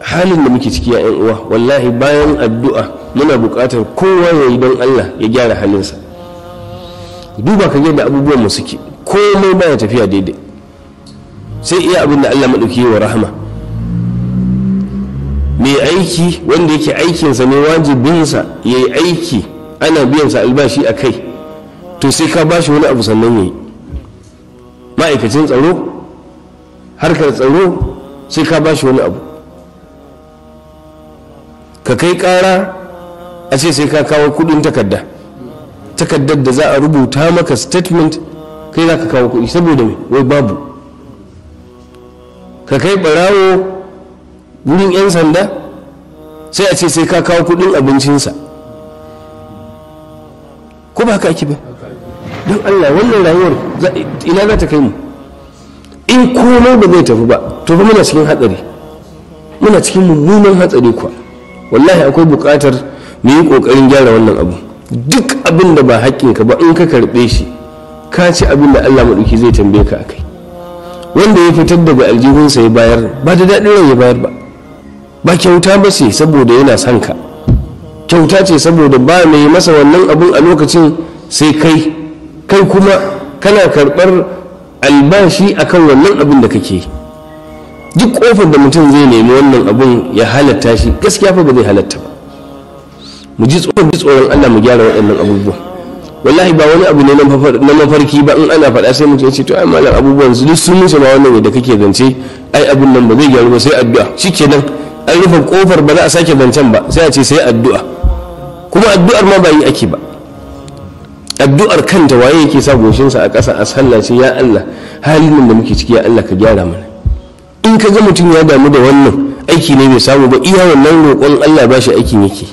halin da muke ciki ya uwa wallahi bayan addu'a muna buƙatar kowa ya yi don Allah ya gyara halinsa duba ka yadda abubuwan mu suke komai baya tafiya daidai sai iya abin da Allah maɗauki wa rahama mai aiki wanda yake aikinsa ne wajibinsa ya yi aiki ana biyansa albashi a kai to sai ka bashi wani abu sannan ya yi ma'aikacin tsaro harkar tsaro sai ka bashi wani abu ka kai ƙara a ce sai ka kawo kuɗin takarda takardar da za a rubuta maka statement kai za ka kawo kuɗi saboda mai wai babu ka kai ɓarawo wurin 'yan sanda sai a ce sai ka kawo kuɗin abincinsa ko ba haka ake ba don allah wannan rayuwar ina za ta kai mu in komai ba zai tafi ba to fa muna cikin hatsari muna cikin mummunan hatsari kuwa wallahi akwai buƙatar mu yi ƙoƙarin gyara wannan abu duk abin da ba ka ba in ka karɓe shi ka ci abin da Allah maɗauki zai tambaye ka akai wanda ya fitar daga aljihunsa ya bayar ba da daɗin rai ya bayar ba ba kyauta ba ce saboda yana son ka kyauta ce saboda ba mai masa wannan abun a lokacin sai kai kai kuma kana karɓar albashi akan wannan abin da kake yi duk kofar da mutum zai nemi wannan abun ya halatta shi gaskiya fa ba zai halatta ba mu ji tsoron ji tsoron Allah mu gyara waɗannan abubuwa wallahi ba wani abu ne na mafarki ba in ana faɗa sai mutum ya ce to ai malam abubuwan su duk sun musu ma wannan da kake zance ai abun nan ba zai gyaru ba sai addu'a shikenan an rufe kofar ba za a sake zancen ba sai a ce sai addu'a kuma addu'ar ma ba yi ake ba addu'ar kanta waye yake sa goshinsa a ƙasa a sallace ya Allah halin da muke ciki ya Allah ka gyara mana in ka ga mutum ya damu da wannan aiki ne bai samu ba iya wannan roƙon allah ba shi aikin yake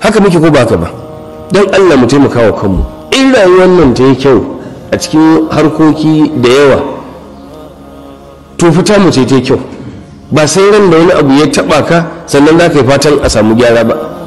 haka muke ko baka ba don allah mu taimaka wa kanmu in rayuwar nan ta yi kyau a cikin harkoki da yawa to fita mu ce ta yi kyau ba sai ran da wani abu ya taɓa ka sannan za ka yi fatan a samu gyara ba